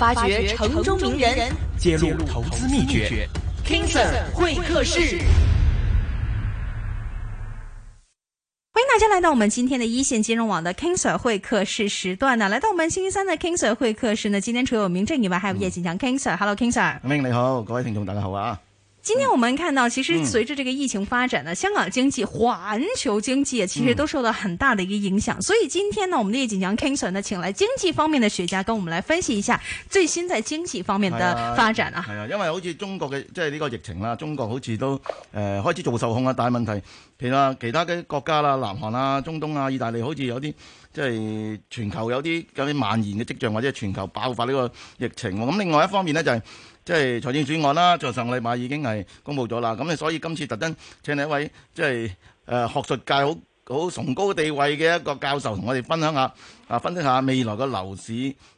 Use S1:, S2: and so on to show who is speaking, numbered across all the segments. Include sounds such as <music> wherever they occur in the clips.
S1: 發掘城中名人，發掘
S2: 城中名人，揭露投資秘訣。KingSir 會客室，歡迎大家來到我們今天的一線金融網的 KingSir 會客室時段呢。來到我們星期三的 KingSir 會客室呢，今天除了有明正以外，還有葉錦強。KingSir，Hello KingSir，
S3: 明，你好，各位聽眾大家好啊。
S2: 今天我們看到，其實隨着這個疫情發展呢，嗯、香港經濟、環球經濟其實都受到很大的一個影響。嗯、所以今天呢，我們的葉錦強 King Sir 呢，請來經濟方面的學家跟我們來分析一下最新在經濟方面的發展啊。係啊，啊，
S3: 因為好似中國嘅即係呢個疫情啦，中國好似都誒、呃、開始做受控啊，大問題，譬如其他其他嘅國家啦、南韓啊、中東啊、意大利好像，好似有啲即係全球有啲有啲蔓延嘅跡象，或者係全球爆發呢個疫情。咁另外一方面呢、就是，就係。即係財政預算案啦，就上個禮拜已經係公布咗啦，咁啊所以今次特登請你一位即係誒學術界好好崇高地位嘅一個教授，同我哋分享下啊，分析下未來嘅樓市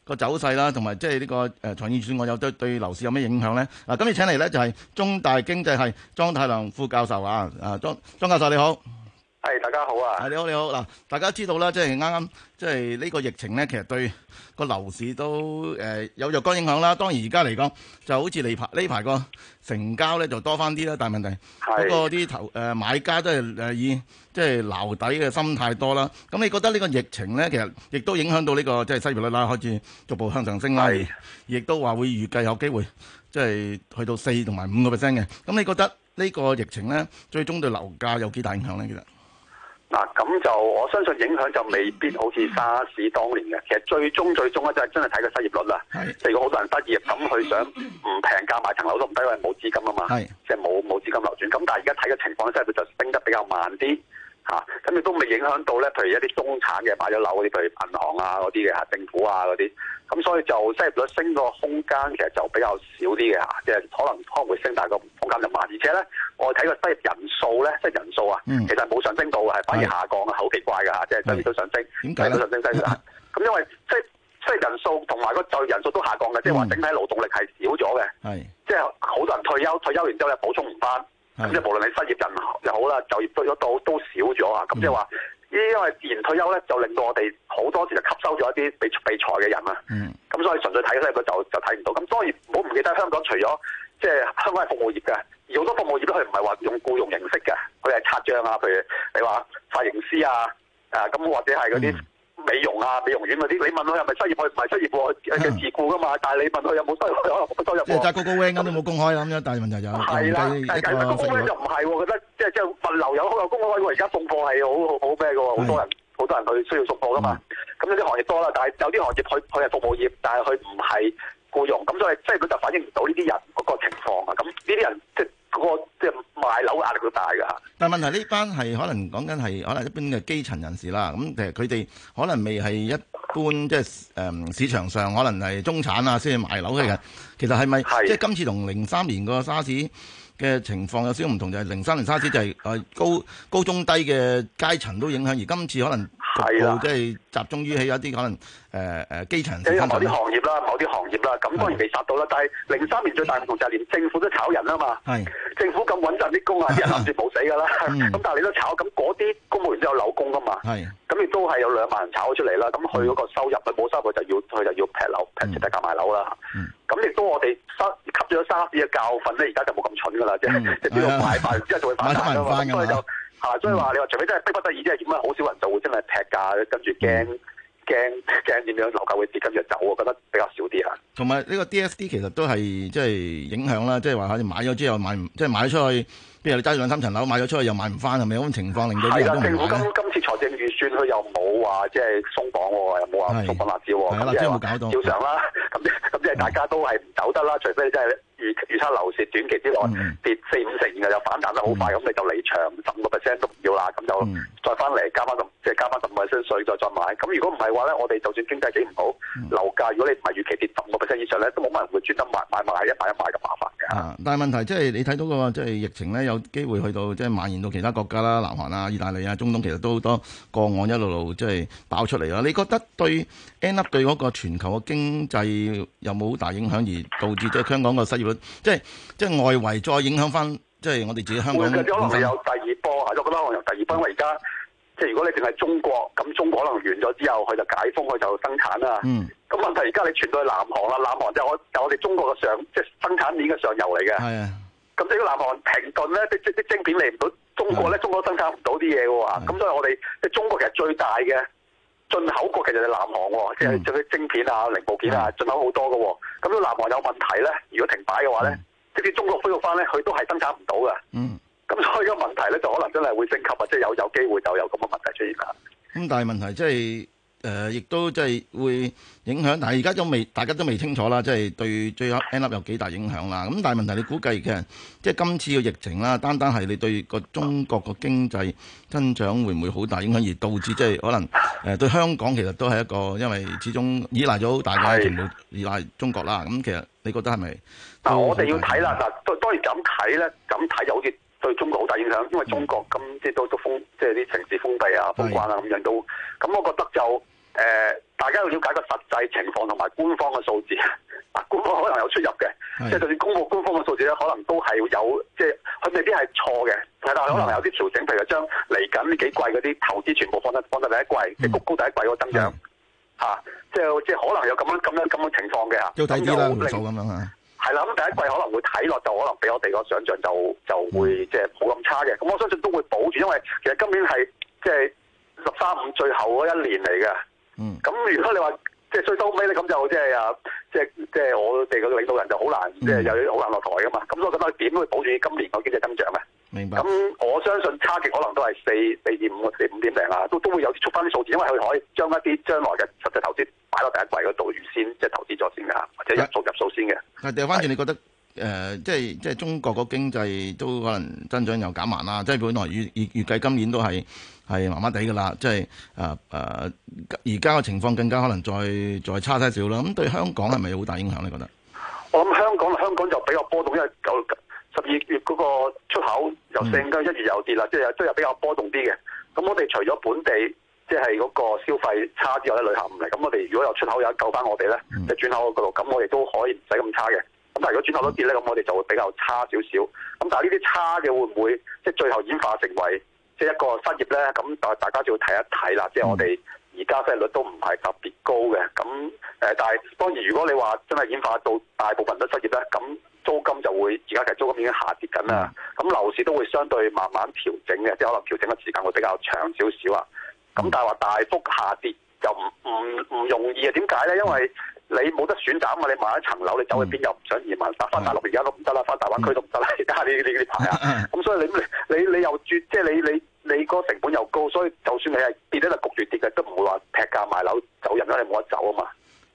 S3: 的走勢個走勢啦，同埋即係呢個誒財政預算案有對對樓市有咩影響咧？啊，今日請嚟咧就係中大經濟系莊太量副教授啊，啊莊莊教授你好。係，大家好啊！係你好，你好嗱。大家知道啦，即係啱啱即係呢個疫情咧，其實對個樓市都誒有若干影響啦。當然而家嚟講就好似呢排呢排個成交咧就多翻啲啦，但問題，不過啲投誒買家都係誒以即係留底嘅心態多啦。咁你覺得呢個疫情咧，其實亦都影響到呢個即係失業率啦，開始逐步向上升啦，亦都話會預計有機會即係去到四同埋五個 percent 嘅。咁你覺得呢個疫情咧，最終對樓價有幾大影響咧？其實？
S1: 嗱，咁就我相信影響就未必好似沙士當年嘅。其實最終最終咧，就係真係睇個失業率啦。如果好多人失業，咁佢想唔平價買層樓都唔低位，因為冇資金啊嘛。即係冇冇資金流轉。咁但係而家睇嘅情況，即係佢就升得比較慢啲。咁亦都未影響到咧，譬如一啲中產嘅買咗樓嗰啲，譬如銀行啊嗰啲嘅，政府啊嗰啲。咁所以就失業率升個空間其實就比較少啲嘅。即係可能可能會升，但係個空間就慢，而且咧。我睇個失業人數咧，即係人數啊，其實冇上升到，係反而下降啊，好奇怪噶嚇！即係都上升，解都上升細啦。咁因為即係即係人數同埋個就人數都下降嘅，即係話整體勞動力係少咗嘅。係即係好多人退休，退休完之後咧補充唔翻。咁即係無論你失業人又好啦，就業咗到都少咗啊！咁即係話，因為自然退休咧，就令到我哋好多時就吸收咗一啲備備才嘅人啊。咁所以純粹睇咧，佢就就睇唔到。咁當然唔好唔記得，香港除咗即係香港係服務業嘅。好多服務業都係唔係話用僱傭形式嘅，佢係擦賬啊，譬如你話髮型師啊，咁、啊、或者係嗰啲美容啊美容院嗰啲，你問佢係咪失業？佢唔係失業喎，係自僱、嗯、噶嘛。但係你問佢有冇收入啊，收入？即、嗯、
S3: 但係 Google 冇公開咁、嗯、但係問題就有。係啦，大家，高家就
S1: 唔係喎，覺得即係即係物流有好有公開喎。而家送貨係好好好咩喎？好多人好多人去需要送貨噶嘛。咁有啲行業多啦，但係有啲行業佢佢係服務業，但係佢唔係。雇用，咁所以即係佢就反映唔到呢啲人嗰個情況啊！咁呢啲人即係、就係、個即係買樓壓
S3: 力好大㗎吓。但係問題呢班係可能講緊係可能一般嘅基層人士啦，咁其實佢哋可能未係一般即係誒、嗯、市場上可能係中產先至買啊先去買樓嘅人。其實係咪即係今次同零三年個沙士嘅情況有少少唔同？就係零三年沙士就係誒高是的高中低嘅階層都影響，而今次可能。係啊，即係集中於喺一啲可能誒誒、呃、基層，誒某啲行業啦，某啲行業啦，咁當然未殺
S1: 到啦。但係零三年最大嘅唔同就係連政府都炒人啊嘛。
S3: 係
S1: 政府咁穩陣啲工啊，啲人諗住冇死㗎啦。咁、 <laughs> 嗯、但係你都炒，咁嗰啲公務員都有樓供㗎嘛。係咁亦都係有兩萬人炒咗出嚟啦。咁佢嗰個收入都冇、嗯、收入，就要佢就要劈樓、嗯、劈折抵賣樓啦。咁、嗯、亦都我哋吸咗沙士嘅教訓咧，而家就冇咁蠢㗎啦。即係如果買賣 <laughs> 翻唔翻，即係會反彈㗎嘛。啊、嗯，所以話你話，除非真係逼不得已，即係點樣？好少人就會真係劈價，跟住驚驚驚點樣樓價會跌，跟住就走我覺得比較少啲啊。
S3: 同埋呢個 DSD 其實都係即係影響啦，即係話你買咗之後買唔，即係買咗出去，譬如你揸住兩三層樓買咗出去又買唔翻，係咪有咁情況令到啲？政府今，今次財政預
S1: 算佢又。冇話即係鬆綁喎，又冇話鬆綁辣椒喎，咁即係冇搞、嗯、到，照常啦。咁即係大家都係唔走得啦、嗯，除非即係預預測樓市短期之內、嗯、跌四五成嘅，又反彈得好快，咁、嗯嗯、你就離場，十五個 percent 都唔要啦。咁就再翻嚟、嗯、加翻十，即係加翻十五 percent 水，再再買。咁如果唔係話咧，我哋就算經濟幾唔好，樓、嗯、價如果你唔係預期跌十五個 percent 以上咧，都冇乜人會專登買買埋一買一賣咁麻煩
S3: 嘅、啊。但係問題即係你睇到嘅話，即係疫情咧有機會去到即係蔓延到其他國家啦，南韓啊、意大利啊、中東，其實都好多個案一路路。即係爆出嚟啦！你覺得對 Apple 對嗰個全球嘅經濟有冇好大影響，而導致咗香港個失業率，即係即係外圍再影響翻，即係我哋自己香港，會可能係有
S1: 第二波啊、嗯！我覺得我有第二波，因為而家即係如果你淨係中國咁，中國可能完咗之後，佢就解封，佢就生產啦。咁、嗯、問題而家你傳到去南韓啦，南韓就是我就我哋中國嘅上即係、就是、生產鏈嘅上游嚟嘅。係啊。咁如果南韓停頓咧，即啲啲晶片嚟唔到。中國咧，中國生產唔到啲嘢喎，咁所以我哋即係中國其實最大嘅進口國，其實係南韓、哦，即係做啲晶片啊、零部件啊進口好多嘅、哦。咁如果南韓有問題咧，如果停擺嘅話咧，即使中國恢復翻咧，佢都係生產唔到嘅。嗯，咁所以個問題咧就可能真係會升級，或、就、者、是、有有機會就有咁嘅
S3: 問題出現啦。咁但係問題即係。就是誒，亦都即係會影響，但係而家都未，大家都未清楚啦，即係對最後 end up 有幾大影響啦。咁但係問題，你估計其實，即係今次嘅疫情啦，單單係你對個中國個經濟增長會唔會好大影響，而導致即係可能誒對香港其實都係一個，因為始終依賴咗大家全部依賴中國啦。咁其實你覺得係咪？但，我哋要睇啦，
S1: 嗱，當然咁睇咧，咁睇就好似對中國好大影響，因為中國今即係都都封，即係啲城市封閉啊、封關啊咁樣都，咁我覺得就。誒、呃，大家要了解個實際情況同埋官方嘅數字。啊，官方可能有出入嘅，即係就算公佈官方嘅數字咧，可能都係有，即係佢未必係錯嘅。係，但係可能有啲調整、嗯，譬如將嚟緊呢幾季嗰啲投資全部放得放得第一季、嗯、即係谷高第一季個增長嚇，即係即係可能有咁樣咁樣咁嘅情況嘅。要睇啲報數咁樣啊，係啦，咁第一季可能會睇落就可能比我哋個想象就就會即係冇咁差嘅。咁我相信都會保住，因為其實今年係即係十三五最後嗰一年嚟嘅。嗯，咁如果你話即係最收尾咧，咁就即係啊，即係即係我哋個領導人就好難，即係又好難落台噶嘛。咁所以咁啊，點去保住今年個經濟增長咧？明白。咁我相信差極可能都係四四點五或四五點零啊，都都會有啲出翻啲數字，因為佢可以將一啲將來嘅實際投資擺落第一季嗰度預先即係、就是、投資咗先㗎，吓，或者一數入數先嘅。
S3: 調翻轉，你覺得？誒、呃，即係即係中國個經濟都可能增長又減慢啦，即係本來預預計今年都係係麻麻地㗎啦，即係誒誒，而家嘅情況更加可能再再差些少啦。咁對香港係咪有好大影響咧？你覺得，
S1: 我諗香港，香港就比較波動，因為就十二月嗰個出口由上升，一月又跌啦，即係都比較波動啲嘅。咁我哋除咗本地即係嗰個消費差之外咧、呃，旅客唔嚟，咁我哋如果有出口有救返我哋咧，即、嗯、係轉口嗰度，咁我哋都可以唔使咁差嘅。咁但係如果轉頭都跌咧，咁我哋就會比較差少少。咁但係呢啲差嘅會唔會即係、就是、最後演化成為即係一個失業咧？咁但係大家就要睇一睇啦。即、就、係、是、我哋而家失業率都唔係特別高嘅。咁誒，但係當然如果你話真係演化到大部分都失業咧，咁租金就會，而家其實租金已經下跌緊啦。咁樓市都會相對慢慢調整嘅，即、就、係、是、可能調整嘅時間會比較長少少啊。咁但係話大幅下跌又唔唔唔容易啊。點解咧？因為你冇得選擇啊嘛！你買一層樓，你走去邊又唔想移民。搭翻大陸，而家都唔得啦，翻大灣區都唔得啦。而家呢呢啲牌啊，咁 <laughs> 所以你你你你又絕，即、就、係、是、你你你個成本又高，所以就算你係跌都係焗住跌嘅，都唔會話劈價賣樓走人啦，你冇得走啊嘛！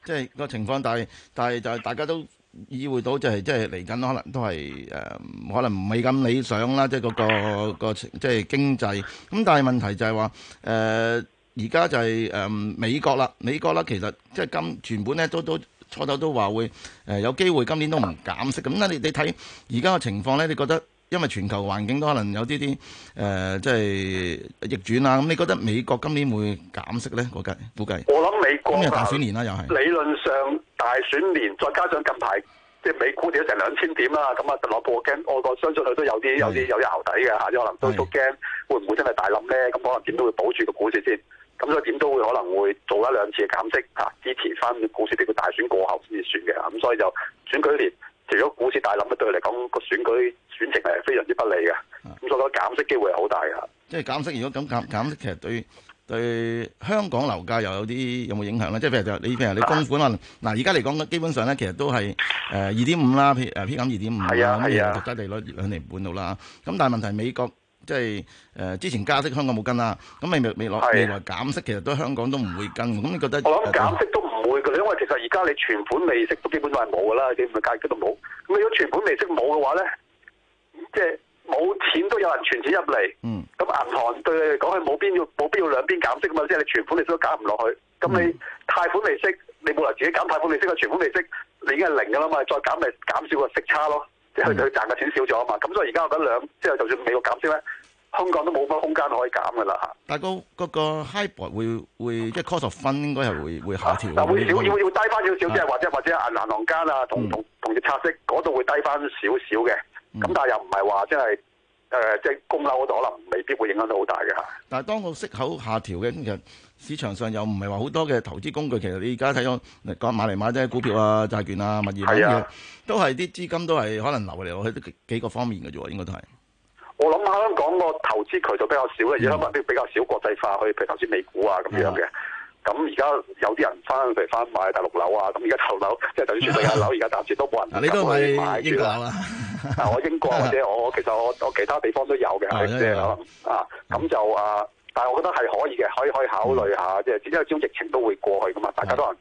S3: 即係、那個情況，但係但係就係大家都意會到，就係、是就是、即係嚟緊可能都係誒、呃，可能唔係咁理想啦、就是那個 <laughs> 那個，即係嗰個即係經濟。咁但係問題就係話誒。呃而家就係誒美國啦，美國啦，其實即係今全本咧都都初頭都話會誒、呃、有機會今年都唔減息咁。你你睇而家嘅情況咧，你覺得因為全球環境都可能有啲啲誒即係逆轉啦咁你覺得美國今年會減息咧？估計，估計。我諗美國今年大選年啦，又係
S1: 理論上大選年，再加上近排即係美股跌咗成兩千點啦，咁啊特朗普驚，我個相信佢都有啲有啲有一喉底嘅嚇，可能都都驚會唔會真係大冧咧？咁可能點都會保住個股市先。咁所以點都會可能會做一兩次嘅減息嚇，支持翻股市，俾佢大選過後先至算嘅。咁、啊、所以就選舉年，除咗股市大冧咧，對佢嚟講個選舉選情係非常之不利嘅。咁所以減息機會係好大嘅。
S3: 即係減息，如果咁減減息，其實對對香港樓價又有啲有冇影響咧？即係譬如就你譬如你供款啊，嗱而家嚟講基本上咧，其實都係誒二點五啦，譬如誒 P 減二點五啦，咁嘅國家利率兩年半到啦。咁、啊啊啊啊、但係問題美國。即係誒，之前加息香港冇跟啦，咁你未未落未來減息，其實都香港都唔會跟。咁你覺得？我諗減息都唔
S1: 會嘅，因為其實而家你存款利息都基本上都係冇㗎啦，基本價值都冇。咁如果存款利息冇嘅話咧，即係冇錢都有人存錢入嚟。咁、嗯、銀行對你嚟講，佢冇必要冇必要兩邊減息㗎嘛？即係你存款利息都減唔落去，咁、嗯、你貸款利息你冇理由自己減貸款利息嘅，存款利息你已經係零㗎啦嘛，再減咪減少個息差咯，即係佢賺嘅錢少咗啊嘛。咁所以而家我覺得兩，即係就算美國減息咧。
S3: 香港都冇乜空間可以減噶啦嚇，但係個 high board 會,會即係 cost of fund 應該係會,會下調、啊啊嗯嗯。但會會少要要低翻少少，即係或
S1: 者或者銀行間啊同同同啲拆息嗰度會低翻少少嘅。咁但又唔係話真係誒即係供樓嗰度可能未必會影響到好大嘅
S3: 但係當個息口下調嘅，其實市場上又唔係話好多嘅投資工具。其實你而家睇咗講買嚟買啫，股票啊、債券啊、物業、啊、都係啲資金都係可能流嚟流去都幾,幾個方面嘅啫喎，應該都係。
S1: 香港個投資渠道比較少嘅，而家港啲比較少國際化，去譬如投資美股啊咁樣嘅。咁而家有啲人翻嚟翻買大陸樓啊，咁而家頭樓即係就算仲有樓，而家暫時都冇人、人。你都咪英國啦？啊，我英國或者我其實我我其他地方都有嘅，即係啊咁就是、啊，但係我覺得係可以嘅，可以可以考慮下，即、嗯、係因為朝疫情都會過去㗎嘛，大家都能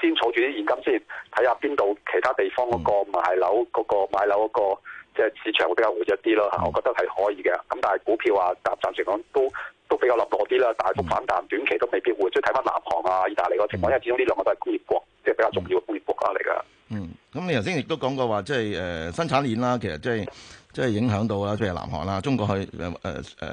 S1: 先儲住啲現金先睇下邊度其他地方嗰、嗰個賣樓嗰個買樓嗰、嗰個。即係市場會比較活躍啲咯嚇，oh. 我覺得係可以嘅。咁但係股票啊，暫暫時講都都比較落落啲啦。大幅反彈，短期都未必會。所以睇翻南韓啊、意大利個情況，mm. 因為始終呢兩個都係工業國，即、mm. 係比較重要嘅工
S3: 業國家嚟㗎。嗯，咁你頭先亦都講過話，即係誒、呃、生產鏈啦，其實即係即係影響到啦，即係南韓啦、中國去誒誒誒誒誒，包、呃呃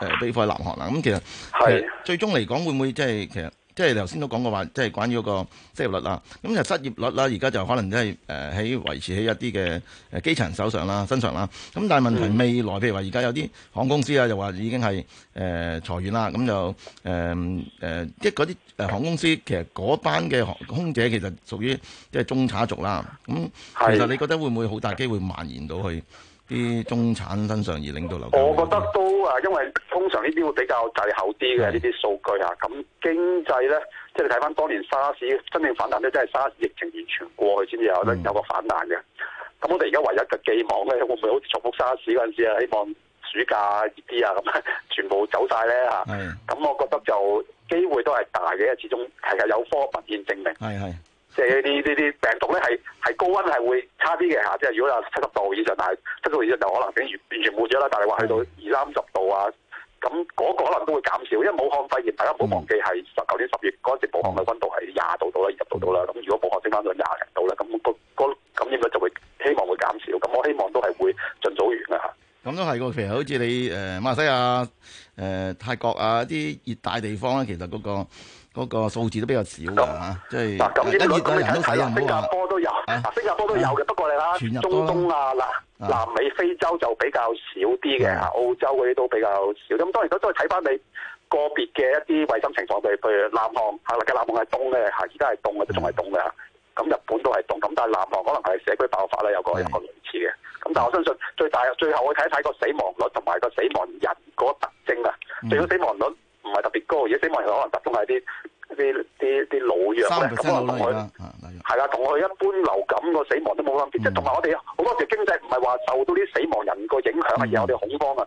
S3: 呃呃、南韓啦。咁其實係最終嚟講，會唔會即係其實？即係頭先都講過話，即係關於嗰個失業率啦。咁就失業率啦，而家就可能即係誒喺維持喺一啲嘅誒基層手上啦、身上啦。咁但係問題未來，譬如話而家有啲航空公司啊，又話已經係誒裁員啦。咁、呃、就誒誒，即嗰啲航空公司，其實嗰班嘅航空姐其實屬於即係中產族啦。咁其實你覺得會唔會好大機會蔓延到去？啲中產身上而令到流，我覺得
S1: 都啊，因為通常呢啲會比較滯後啲嘅呢啲數據啊。咁經濟咧，即係你睇翻當年沙士真正反彈咧，真係沙士疫情完全過去先至有得有個反彈嘅。咁我哋而家唯一嘅寄望咧，會唔會好似重複沙士嗰陣時啊？希望暑假熱啲啊，咁全部走晒咧吓。咁我覺得就機會都係大嘅，始終係有有科學文獻證明。係係。即係啲啲啲病毒咧，係係高温係會差啲嘅嚇。即係如果有七十度以上，但係七十度以上就可能已經完完全冇咗啦。但係話去到二三十度啊，咁嗰個可能都會減少。因為武漢肺炎，大家唔好忘記係十九年十月嗰陣時，武漢嘅温度係廿度到啦，二十度到啦。咁如果武漢升翻到廿零度啦，咁嗰個嗰個感染就就會希望
S3: 會減少。咁我希望都係會。咁都係個，其實好似你誒馬來西亞、誒、呃、泰國啊啲熱帶地方咧，其實嗰、嗰個嗰、嗰個、數字都比較少嘅嚇，即係一啲本地人都睇下、嗯、新加坡
S1: 都有，啊、新加坡都有嘅、啊。不過嚟
S3: 講，中東啊啦、啊
S1: 啊、南美、非洲就比較少啲嘅。澳洲嗰啲都比較少。咁當然都都係睇翻你個別嘅一啲衛生情況，譬如南韓嚇，嘅南韓係凍咧嚇，而家係凍嘅都仲係凍嘅嚇。咁日本都係凍，咁但係南韓可能係社區爆發咧，有一個有一個類似嘅。咁但係我相信最大最後我睇一睇個死亡率同埋個死亡人嗰個特徵啊、嗯，最好死亡率唔係特別高，而且死亡率可能集中係啲啲啲啲老弱。三級流感啊，係、啊、啦，同佢一般流感個死亡都冇分別，嗯、即係同埋我哋好多時經濟唔係話受到啲死亡人個影響、嗯、而我哋恐慌啊，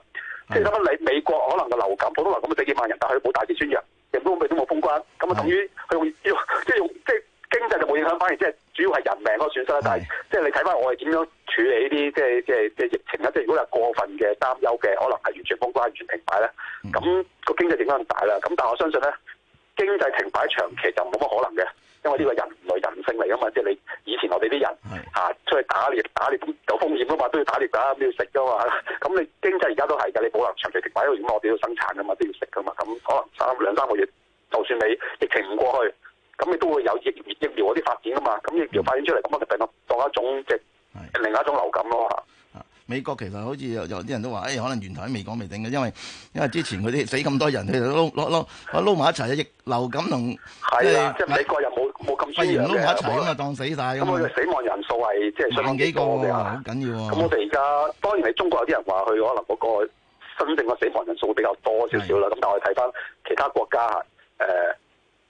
S1: 即係啱啱你美國可能個流感普通流感都死幾萬人，但係冇大肆宣揚，亦都本地都冇封關，咁啊等於佢用，用，用即係用即係經濟就冇影響，反而即係主要係人命嗰個損失啦。但係即係你睇翻我哋點樣。處理呢啲即係即係即係疫情啦！即係如果你係過分嘅擔憂嘅，可能係完全封關、完全停擺咧。咁、嗯、個經濟影響大啦。咁但係我相信咧，經濟停擺長期就冇乜可能嘅，因為呢個人類人性嚟噶嘛。即係你以前我哋啲人嚇、啊、出去打獵，打獵有風險噶嘛，都要打獵噶，都要食噶嘛。咁你經濟而家都係噶，你冇可能長期停擺，因為點啊，我哋要生產噶嘛，都要食噶嘛。咁可能三兩三個月，就算你疫情唔過去，咁你都會有疫疫苗嗰啲發展噶嘛。咁疫苗發展出嚟，咁、嗯、啊，就當一種即另外一種流感咯
S3: 嚇、啊，美國其實好似有有啲人都話，誒、哎、可能源頭未講未定嘅，因為因為之前佢啲死咁多人，佢就撈攞攞，撈埋一齊、就是、啊，疫流感同即係即
S1: 係美國又冇冇咁舒揚嘅，撈埋一齊咁啊
S3: 當死晒。咁死
S1: 亡人數係
S3: 即係上幾個喎，好緊要啊！咁我
S1: 哋而家當然係中國有啲人話，佢可能嗰個新增嘅死亡人數，數，、啊、死亡人數會比較多少少啦。咁但係我哋睇翻其他國家嚇，誒、呃、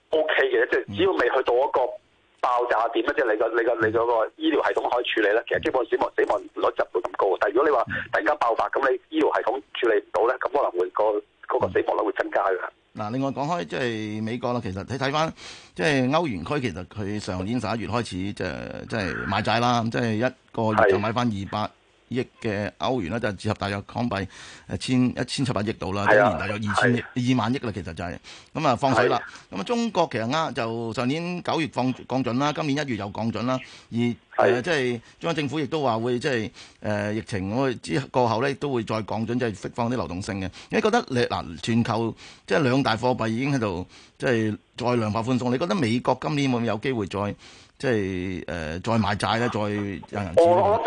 S1: OK 嘅，即、就、係、是、只要未去到一個。嗯爆炸點咧？即係你個你個你個醫療系統可以處理咧？其實基本上死亡死亡率就冇咁高。但係如果你話突然間爆發，咁你醫療系統處理唔到咧，咁可能會、嗰個死亡率會增加嘅。
S3: 嗱，另外講開即係美國啦，其實你睇翻即係歐元區，其實佢上年十一月開始即係即係買債啦，即係一個月就買翻二百億嘅歐元呢，就係折合大約港幣誒千一千七百億度啦，即係大約二千、啊、二萬億啦，其實就係咁啊放水啦。咁啊中國其實呃就上年九月放降準啦，今年一月又降準啦，而誒即係中央政府亦都話會即係誒疫情我哋之後過後咧都會再降準，即係釋放啲流動性嘅。你覺得你嗱、啊、全球即係、就是、兩大貨幣已經喺度即係再量化寬鬆，你覺得美國今年會唔會有機會再即係誒再賣債咧？再有人，人
S1: 呢？我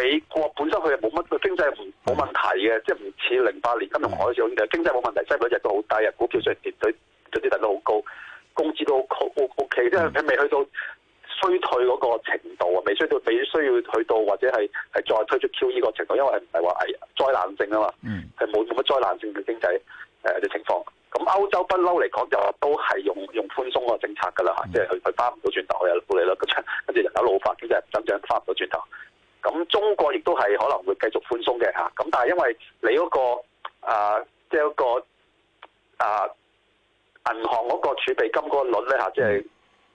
S1: 美國本身佢又冇乜經濟冇問題嘅，即係唔似零八年金融海嘯咁就經濟冇問題，息率亦都好低，股票仲係跌到，總之跌到好高，工資都好高 OK，即係佢未去到衰退嗰個程度啊，未衰到，未需要去到或者係係再推出 QE 個程度，因為係唔係話係災難性啊嘛，係冇乜災難性嘅經濟誒嘅情況。咁歐洲不嬲嚟講就都係用用寬鬆嘅政策㗎啦嚇，即係佢佢翻唔到轉頭，佢有負利率，跟住跟住人口老化，經濟唔增長，翻唔到轉頭。咁中國亦都係可能會繼續寬鬆嘅嚇。咁但係因為你嗰個啊，即係嗰個啊銀行嗰個儲備金嗰個率咧嚇，即係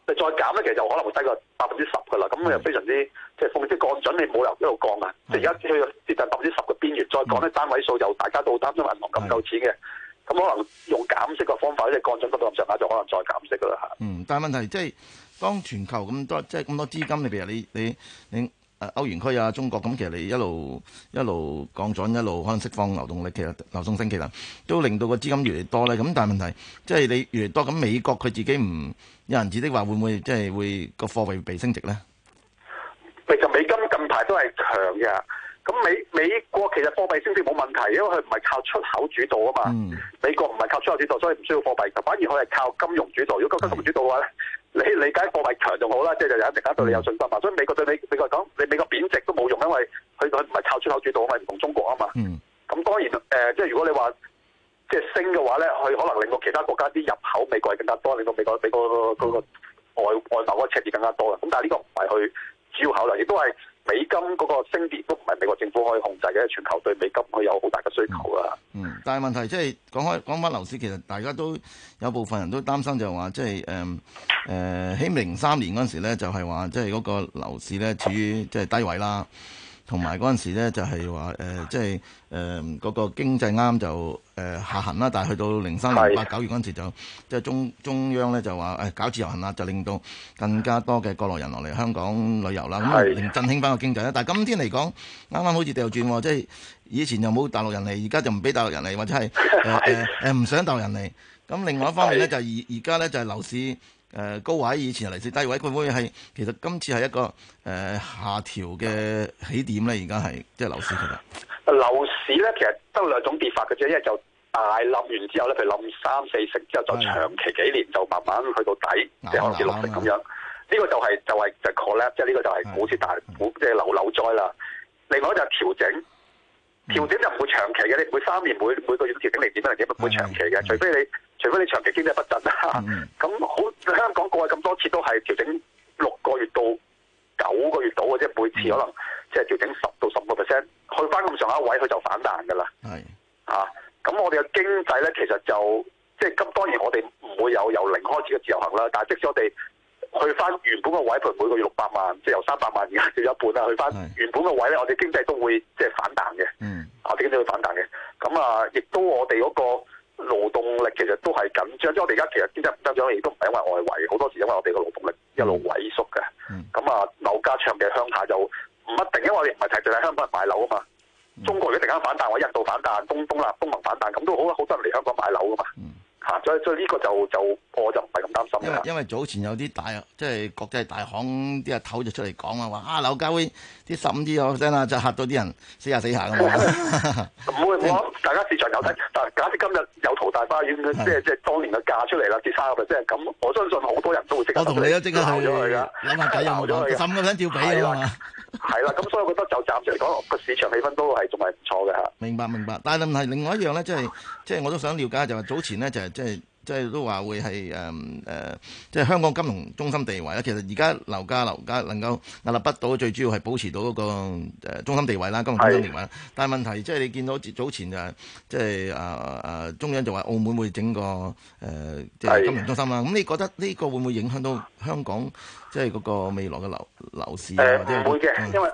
S1: 你再減咧，其實就可能會低過百分之十噶啦。咁又非常之即係放，即係降準你冇由一度降啊。即係而家只要接近百分之十嘅邊緣，再降咧單位數，就大家都擔心銀行咁唔夠錢嘅。咁可能用減息嘅方法或者降準降到咁上下，的就可能再減息噶啦嚇。嗯，
S3: 但係問題即係當全球咁多即係咁多資金裏邊啊，你你你。你歐元區啊，中國咁，其實你一路一路降準，一路可能釋放流動力，其實流動性其實都令到個資金越嚟越多咧。咁但係問題，即、就、係、是、你越嚟越多，咁美國佢自己唔有人指的話，就是、會唔會即係會個貨幣被升值咧？
S1: 其實美金近排都係強嘅，咁美美國其實貨幣升值冇問題，因為佢唔係靠出口主導啊嘛、嗯。美國唔係靠出口主導，所以唔需要貨幣，反而佢係靠金融主導。如果靠金融主導嘅話咧。你理解貨幣強仲好啦，即係就一直緊對你有信心嘛、嗯，所以美國對你美，美國嚟講，你美國貶值都冇用，因為佢佢唔係靠出口主導啊嘛，唔、就、同、是、中國啊嘛。咁、嗯、當然、呃、即係如果你即話即係升嘅話咧，佢可能令到其他國家啲入口美國係更加多，令到美國美國個外、嗯、外貿嘅赤字更加多，咁但係呢個唔係去主要考量啦，亦都係。美金嗰個升跌都唔係美國政府可以控制嘅，全球對美金佢有好大嘅需求啦。嗯，
S3: 但、嗯、係問題即係、就是、講返講翻樓市，其實大家都有部分人都擔心就係話，即係誒誒喺零三年嗰陣時咧，就係話即係嗰個樓市咧處於即係低位啦。同埋嗰陣時咧，就係話即係誒嗰個經濟啱就誒下行啦。但係去到零三年八九月嗰陣時，就即係中中央咧就話搞自由行啦，就令到更加多嘅國內人落嚟香港旅遊啦，咁令振興翻個經濟啦。但係今天嚟講，啱啱好似掉轉喎，即係以前又冇大陸人嚟，而家就唔俾大陸人嚟，或者係誒誒唔想大陸人嚟。咁另外一方面咧，就係而而家咧就係樓市。誒、呃、高位以前係嚟自低位佢會係，其實今次係一個誒、呃、下調嘅起點咧，而家係即係樓市其實
S1: 樓市咧，其實得兩種跌法嘅啫，一就係、大冧完之後咧，佢冧三四成之後，就長期幾年就慢慢去到底，
S3: 即係開始落成咁樣。
S1: 呢個就係、是、就係就 collapse 即係呢個就係股市大股即係樓樓災啦。另外一就係調整，調整就唔會長期嘅，你每三年每每個月都調整嚟點樣點，唔會長期嘅，除非你。除非你長期經濟不振啦，咁、mm -hmm. 好香港過去咁多次都係調整六個月到九個月到嘅，即係每次可能、mm -hmm. 即係調整十到十五個 percent，去翻咁上下位佢就反彈㗎喇。係、mm -hmm. 啊，咁我哋嘅經濟咧其實就即係咁，當然我哋唔會有由零開始嘅自由行啦。但係即使我哋去翻原本個位，譬如每個月六百萬，即係由三百萬而家掉一半啦，去翻原本個位咧，mm -hmm. 我哋經濟都會即係反彈嘅。嗯、mm -hmm.，啊，經濟會反彈嘅。咁啊，亦都我哋嗰、嗰個。勞動力其實都係緊張，即係我哋而家其實經濟唔得咗，亦都唔係因為外圍，好多時因為我哋個勞動力一路萎縮嘅。咁、嗯、啊，樓價長期向下就唔一定，因為我哋唔係淨淨喺香港人買樓啊嘛、嗯。中國如果突然間反彈或者印度反彈、中東啦、東盟反彈，咁都好好多人嚟香港買樓噶嘛。嗯所以所以呢個就就我就唔係咁擔心，因為
S3: 因為早前有啲大即係國際大行啲阿頭就出嚟講啊，話啊樓價會啲十五啲我真啊，就嚇到啲人死下死下咁啊！唔
S1: <laughs> 會，我 <laughs> 大家市場有睇。假設今日有淘大花園，即係即係當年嘅價出嚟啦，跌三啊，咪即係咁。我相信好多人都會識。我同你都即刻去。諗下睇有冇咁十咁樣跳底啊嘛！係 <laughs> 啦，咁所以我覺得就暫時嚟講個市場氣氛都係仲係唔錯嘅吓。
S3: 明白明白，但係另外一樣咧，即係即係我都想了解就係、是、早前咧就係即係。就是即係都話會係誒誒，即、嗯、係、呃就是、香港金融中心地位啦。其實而家樓價樓價能夠屹立不倒，最主要係保持到嗰、那個、呃、中心地位啦，金融中心地位啦。但係問題即係你見到早前誒、就是，即、呃、係中央就話澳門會整個誒即、呃就是、金融中心啦。咁、嗯、你覺得呢個會唔會影響到香港即係嗰個未來嘅樓樓市啊？呃、會嘅，因為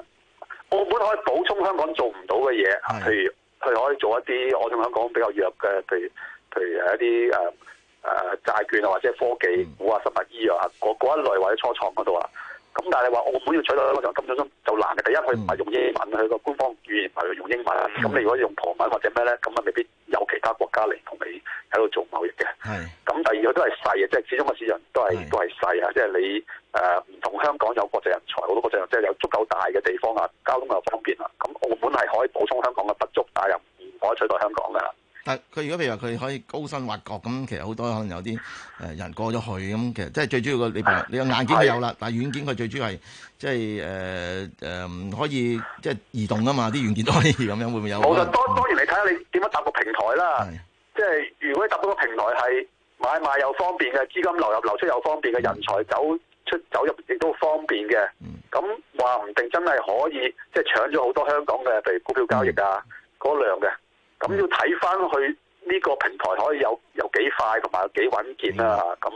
S1: 澳門可以補充香港做唔到嘅嘢，譬如佢可以做一啲我同香港比較弱嘅，譬如譬如係一啲誒。呃誒、呃，債券啊，或者科技股啊、嗯、生物醫藥啊，嗰一類或者初創嗰度啊，咁但係你話澳門要取代嗰場金融中心，就難嘅。第一佢唔係用英文，佢、嗯、個官方語言係用英文。咁、嗯、你如果用葡文或者咩咧，咁啊未必有其他國家嚟同你喺度做貿易嘅。咁第二佢都係細嘅，即係始終個市場都係都係細嚇，即、就、係、是、你誒唔、呃、同香港有國際人才，好多國際人才、就是、有足夠大嘅地方。
S3: 佢如果譬如話佢可以高薪挖角，咁，其實好多可能有啲誒、呃、人過咗去咁，其實即係最主要個你話你個硬件係有啦，但係軟件佢最主要係即係誒誒可以即係、就是、移動啊嘛，啲軟件都可以咁樣會唔會有？無論當、嗯、當然你睇下你點樣搭個平台啦，
S1: 即係、就是、如果你搭到個平台係買賣又方便嘅，資金流入流出又方便嘅，人才走出走入亦都方便嘅，咁話唔定真係可以即係、就是、搶咗好多香港嘅譬如股票交易啊嗰、那個、量嘅。咁、嗯、要睇翻去呢、呢個平台可以有有幾快同埋幾穩健啊。咁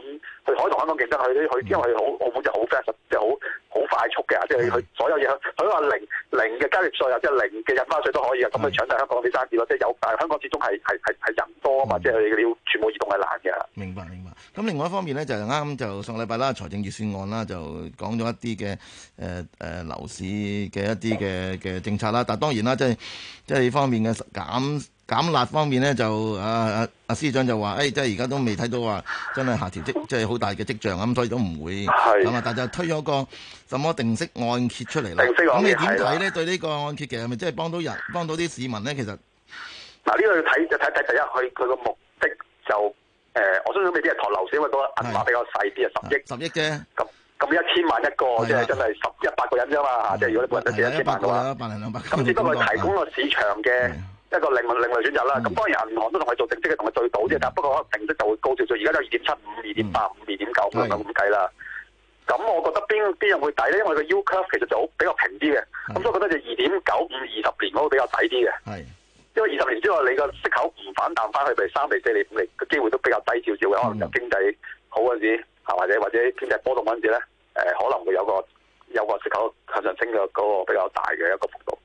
S1: 可以同香港競爭，佢佢、嗯、因為佢好澳門就好 fair 即係好好快速嘅。即係佢所有嘢，佢話零零嘅加稅啊，即係零嘅印花稅都可以啊。咁佢搶到香港啲生意咯。即、就、係、是、有，但係香港始終係係係人多啊嘛。即係你要全部移動係難嘅。
S3: 明白明白。咁另外一方面咧，就啱啱就上禮拜啦，財政預算案啦，就講咗一啲嘅誒誒樓市嘅一啲嘅嘅政策啦。但當當然啦，即係即方面嘅減。減辣方面咧，就啊啊啊司長就話誒、哎，即係而家都未睇到話真係下調即即係好大嘅跡象咁，所以都唔會咁啊。 <laughs> 但就推咗個什麼定息按揭出嚟啦。定息按揭係啊。咁你點睇咧？對呢個按揭嘅係咪真係幫到人、幫到啲市民咧？其實嗱，呢、啊、個要睇就睇第一，佢佢個目
S1: 的就誒、呃，我相信未必係託樓市，因為嗰個銀碼比較細啲，係十億十億嘅。咁咁一千萬一個，即係真係十一百個人啫嘛。即、嗯、係如果你本人都住
S3: 一千一百個啦，百零兩
S1: 百。咁只不過提供個市場嘅。一個另外另外選擇啦，咁、嗯、當然銀行都同佢做定息嘅，同佢最賭啲，但不過定息就會高少少，而家都二點七五、二點八五、二點九五咁計啦。咁、嗯、我覺得邊邊樣會抵咧？因為個 U curve 其實就比較平啲嘅，咁所以我覺得就二點九五二十年嗰個比較抵啲嘅。係，因為二十年之外，你個息口唔反彈翻去，譬如三厘四厘咁，你個機會都比較低少少嘅。可能就經濟好嗰陣時，吓或者或者經濟波動嗰陣時咧，誒、呃、可能會有個有個息口向上升嘅嗰個比較大嘅一個幅度。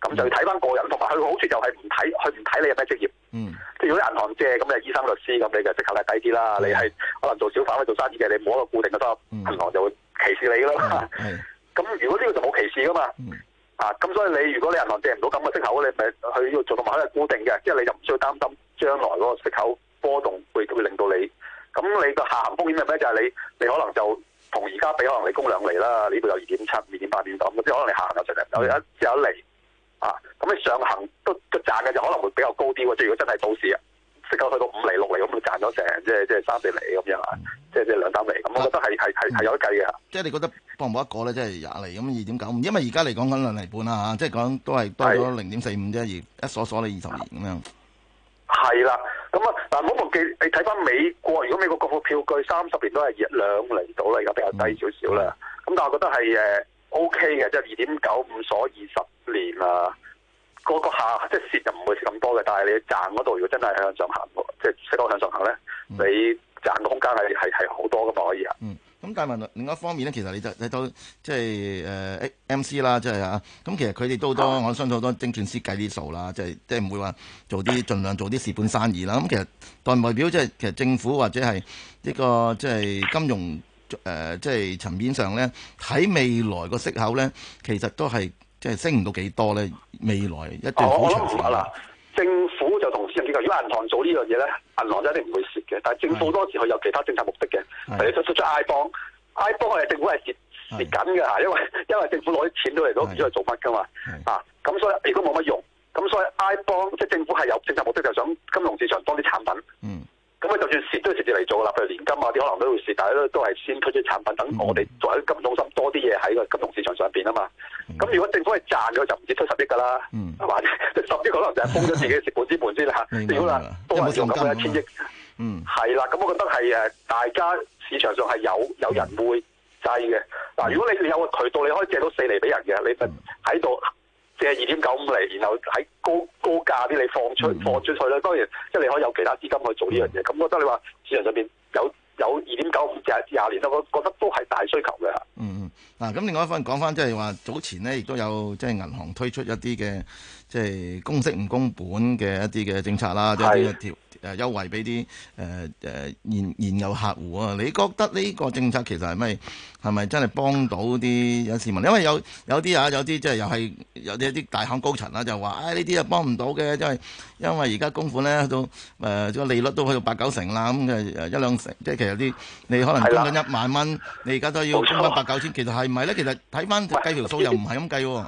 S1: 咁就要睇翻個人，同埋佢好處就係唔睇，佢唔睇你有咩職業。嗯，即係如果銀行借咁，你係醫生、律師咁，你就息口咧低啲啦。你係可能做小販去做生意嘅，你冇一個固定嘅收入，嗯、銀行就會歧視你噶啦。咁如果呢個就冇歧視噶嘛。啊、嗯，咁所以你如果你銀行借唔到咁嘅息口，你咪佢要做到買一固定嘅，即係你就唔需要擔心將來嗰個息口波動會會令到你。咁你個下行風險係咩？就係、是、你你可能就同而家比，可能你供兩釐啦。你度有二點七、二點八、二點九，即係可能你下行啊，成日有有一釐。一一一啊！咁、嗯、你上行都都賺嘅，就可能會比較高啲喎。即係如果真係到時啊，即夠去到五厘六厘咁，賺咗成即係、嗯、即係三四厘咁樣、嗯嗯、啊！即係即係兩三厘，咁我覺得係係係有得計嘅。
S3: 即係你覺得幫唔幫得過咧？即係廿厘咁二點九五，因為而家嚟講緊兩厘半啦吓，即係講都係多咗零點四五啫，二一鎖鎖你二十年咁樣。
S1: 係啦，咁啊，唔好忘記你睇翻美國，如果美國國庫票據三十年都係兩厘到啦，而家比較低少少啦。咁、嗯嗯、但係我覺得係誒 OK 嘅，即係二點九五鎖二十。年啊，個、那個下即蝕就唔會蝕咁多嘅。但係你賺嗰度，如果真係向上行，即息口向上行咧，你賺嘅空間係係係好多嘅嘛？可以啊。
S3: 嗯，咁但係另外另一方面咧，其實你就是、你都、就、即、是、係誒、呃、M C 啦，即係啊。咁其實佢哋都好多我相信好多精算師計啲數啦、就是，即係即係唔會話做啲儘量做啲蝕本生意啦。咁其實代唔代表即、就、係、是、其實政府或者係呢個即係金融誒即係層面上咧，喺未來個息口咧，其實都係。即係升唔到幾多咧？未來一段好長時間。啊，我啦。
S1: 政府就同私人機構、如果銀行做呢樣嘢咧，銀行就一定唔會蝕嘅。但係政府當時佢有其他政策目的嘅，佢出出出 I 幫，I 幫係政府係蝕蝕緊㗎，因為因為政府攞啲錢都嚟到唔知係做乜㗎嘛。啊，咁所以如果冇乜用，咁所以 I 幫即係政府係有政策目的，就是、想金融市場多啲產品。嗯。咁啊，就算蝕都係直接嚟做啦，譬如年金啊啲可能都會蝕，但係都都係先推出產品，等我哋作為金融中心多啲嘢喺個金融市場上邊啊嘛。咁、嗯、如果政府係賺咗就唔止推十億噶啦，係、嗯、嘛？十億可能就係封咗自己嘅蝕本資本先啦嚇。好 <laughs> 果啦、
S3: 啊，都係用咁嘅一千億，嗯，
S1: 係啦。咁我覺得係誒，大家市場上係有、嗯、有人會制嘅。嗱、嗯，如果你有個渠道，你可以借到四厘俾人嘅，你就喺度。嗯借二點九五嚟，然後喺高高價啲，你放出、嗯、放出去咧。當然，即係你可以有其他資金去做呢樣嘢。咁、嗯、我覺得你話市場上邊有有二點九五至係廿年啦，我覺得都係大需求嘅。嗯
S3: 嗯，嗱，咁另外一份講翻，即係話早前咧，亦都有即係、就是、銀行推出一啲嘅即係供息唔供本嘅一啲嘅政策啦，即、就、係、是、呢一條。誒優惠俾啲誒誒現現有客戶啊！你覺得呢個政策其實係咪係咪真係幫到啲有市民？因為有有啲啊，有啲即係又係有啲一啲大行高層啦、啊，就話呢啲啊幫唔到嘅，因為因為而家供款咧個利率都去到八九成啦，咁嘅一兩成，即係其實啲你可能供緊一萬蚊，你而家都要供翻八九千，其實係唔係咧？其實睇翻計條數又唔係咁計喎。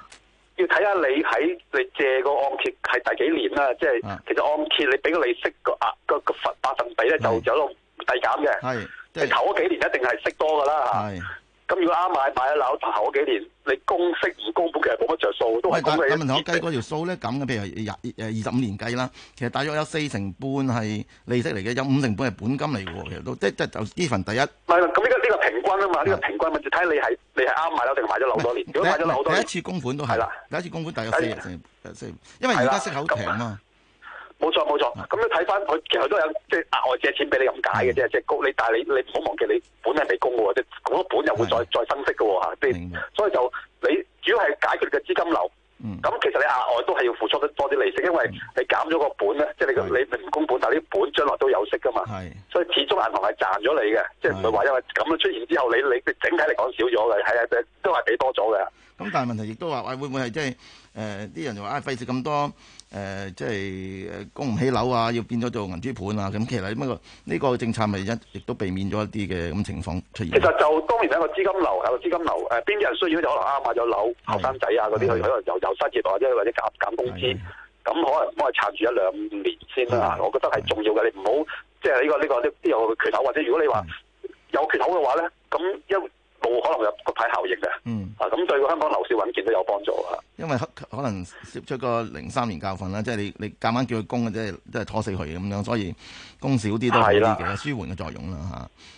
S1: 要睇下你喺你借個按揭係第幾年啦，即係其實按揭你俾個利息，那個壓，那個個分百分比咧，就有啲遞減嘅。係頭幾年一定係息多噶啦吓。係。咁如果啱買買咗樓，頭咗幾年，你供息唔供
S3: 本，其實冇乜着數。都係，咁問我計嗰條數咧咁嘅，譬如廿二十五年計啦，其實大約有四成半係利息嚟嘅，有五成半係本金嚟嘅，其實都即即就呢份第一。咁呢個呢個平均
S1: 啊嘛，呢個平均咪就睇你係你係啱買樓定買咗樓多年。第一次
S3: 供款都係啦，第一次供款，款大約四成四，因為而家息口平啊嘛。
S1: 冇錯冇錯，咁你睇翻佢其實都有即係額外借錢俾你咁解嘅啫，即係高你，但係、就是、你你唔好忘記你本係未供喎，即係嗰個本又會再再生息嘅喎，啲、就是，所以就你主要係解決你嘅資金流，咁、嗯、其實你額外都係要付出得多啲利息，因為你減咗個本咧、嗯，即係你你唔供本，但係啲本將來都有息
S3: 㗎嘛，
S1: 所以始終銀行係賺咗你嘅，即係唔會話因為咁樣出現之後，你你整體嚟講少咗嘅，係啊，都係俾多咗嘅。
S3: 咁、嗯、但係問題亦都話，喂會唔會係即係誒啲人就話啊，費事咁多。誒、呃，即係誒，供唔起樓啊，要變咗做銀主盤啊，咁其實呢個呢個政策咪一亦都避免咗一啲嘅咁情況出現。其實就
S1: 當然一個資金流，有一個資金流，誒、呃，邊啲人需要就可能啱買咗樓，後生仔啊嗰啲去可能由由失業或者或者減減工資，咁可能我係撐住一兩年先啦。我覺得係重要嘅，你唔好即係呢個呢、這個啲有、這個這個、缺口，或者如果你話有缺口嘅話咧，咁因。冇可能有個外效益嘅，嗯，啊咁對香港樓市穩健都有幫助啊。
S3: 因為可能攝出個零三年教訓啦，即係你你夾硬叫佢供嘅，即係即係拖死佢咁樣，所以供少啲都係有啲嘅舒緩嘅作用啦，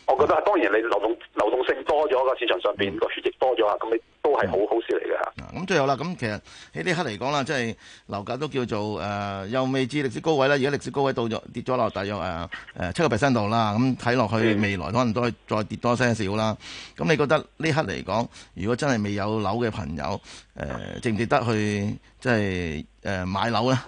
S3: 吓。
S1: 我覺得、嗯、當然你流動流動性多咗個市場上邊個血液多咗，咁、嗯、你，都係好好事嚟
S3: 嘅吓，咁、嗯、最後啦。咁其實喺呢刻嚟講啦，即係樓價都叫做誒、呃，又未知歷史高位啦。而家歷史高位到咗跌咗落大約誒誒七個 percent 度啦。咁睇落去未來可能都係再跌多些少啦。咁你覺得呢刻嚟講，如果真係未有樓嘅朋友，誒、呃，值唔值得去即係誒、呃、買樓咧？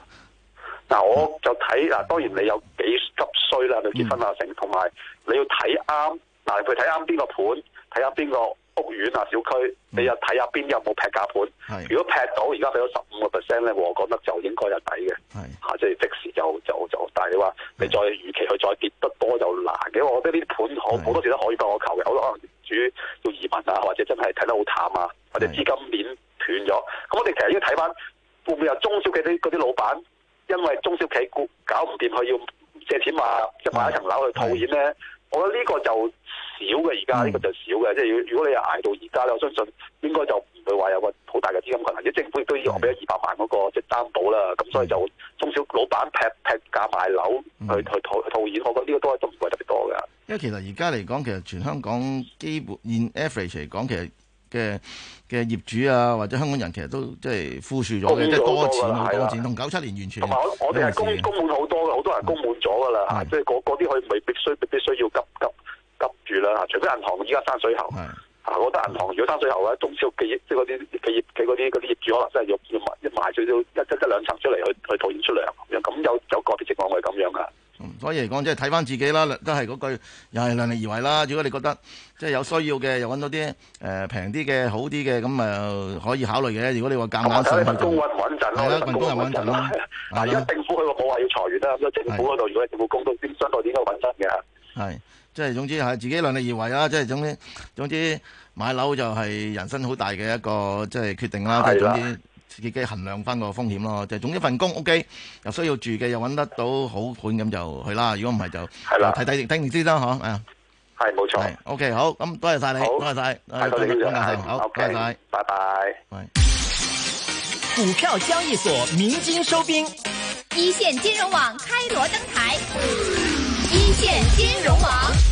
S3: 嗱、
S1: 嗯啊，我就睇嗱，當然你有幾急需啦，就結婚啊成，同埋你要睇啱，嗱、嗯，佢睇啱邊個盤，睇啱邊個。屋苑啊，小區，你又睇下邊有冇劈價盤？如果劈到而家俾到十五個 percent 咧，我覺得就應該係抵嘅。係即係即時就就就，但係你話你再預期佢再跌得多就難嘅，我覺得呢啲盤可好多時都可以幫我求嘅。好多可能業主要移民啊，或者真係睇得好淡啊，或者資金鏈斷咗。咁我哋其實要睇翻會唔會有中小企啲嗰啲老闆，因為中小企顧搞唔掂，佢要借錢買即係買一層樓去套現咧。我覺得呢個就。少嘅而家呢個就少嘅、嗯，即係如果如果你又捱到而家，我相信應該就唔會話有個好大嘅資金困難。而政府亦都已經俾咗二百萬嗰、嗰個即係擔保啦。咁所以就中小老闆劈劈價賣樓去、嗯、去套套現，我覺得呢個
S3: 都都唔係特別多嘅。因為其實而家嚟講，其實全香港基本 in average 嚟講，其實嘅嘅業主啊，或者香港人其實都即係富庶咗嘅，即係多錢多錢，同九七年完全。我哋係供供
S1: 滿好多嘅，好多人供滿咗噶啦，即係嗰啲佢唔必須必須要急急？跟住啦，除非銀行依家山水
S3: 喉，
S1: 啊，我覺得銀行如果山水喉嘅，仲要企，即係嗰啲企業企嗰啲啲業主，可能真係要要賣，賣少少一一兩層出嚟，去去套現出糧。咁有有個別情況係咁樣噶、
S3: 嗯。所以嚟講，即係睇翻自己啦，都係嗰句，又係量力而為啦。如果你覺得即係、就是、有需要嘅，又揾到啲平啲嘅、好啲嘅，咁啊可以考慮嘅。如果你話夾硬,硬去，去，係啦，份工又穩陣啦，係啦，份工又穩陣啦。嗱、嗯，而家
S1: 政府佢冇話要裁員啦，咁啊，政府嗰度如果係政府工都相應,應該穩
S3: 陣嘅。即係總之係自己量力而為啦，即係總之總之買樓就係人生好大嘅一個即係決定啦。即係總之自己衡量翻個風險咯。即係總之份工 OK 又需要住嘅，又揾得到好盤，咁就去啦。如果唔係就睇睇睇而知啦嗬。係，係冇錯。OK 好，咁多謝晒你，多謝晒，多謝你，莊太量，好，多謝晒，拜拜。
S2: 股票交易所鳴金收兵，一線金融網開鑼登台。一線金融王。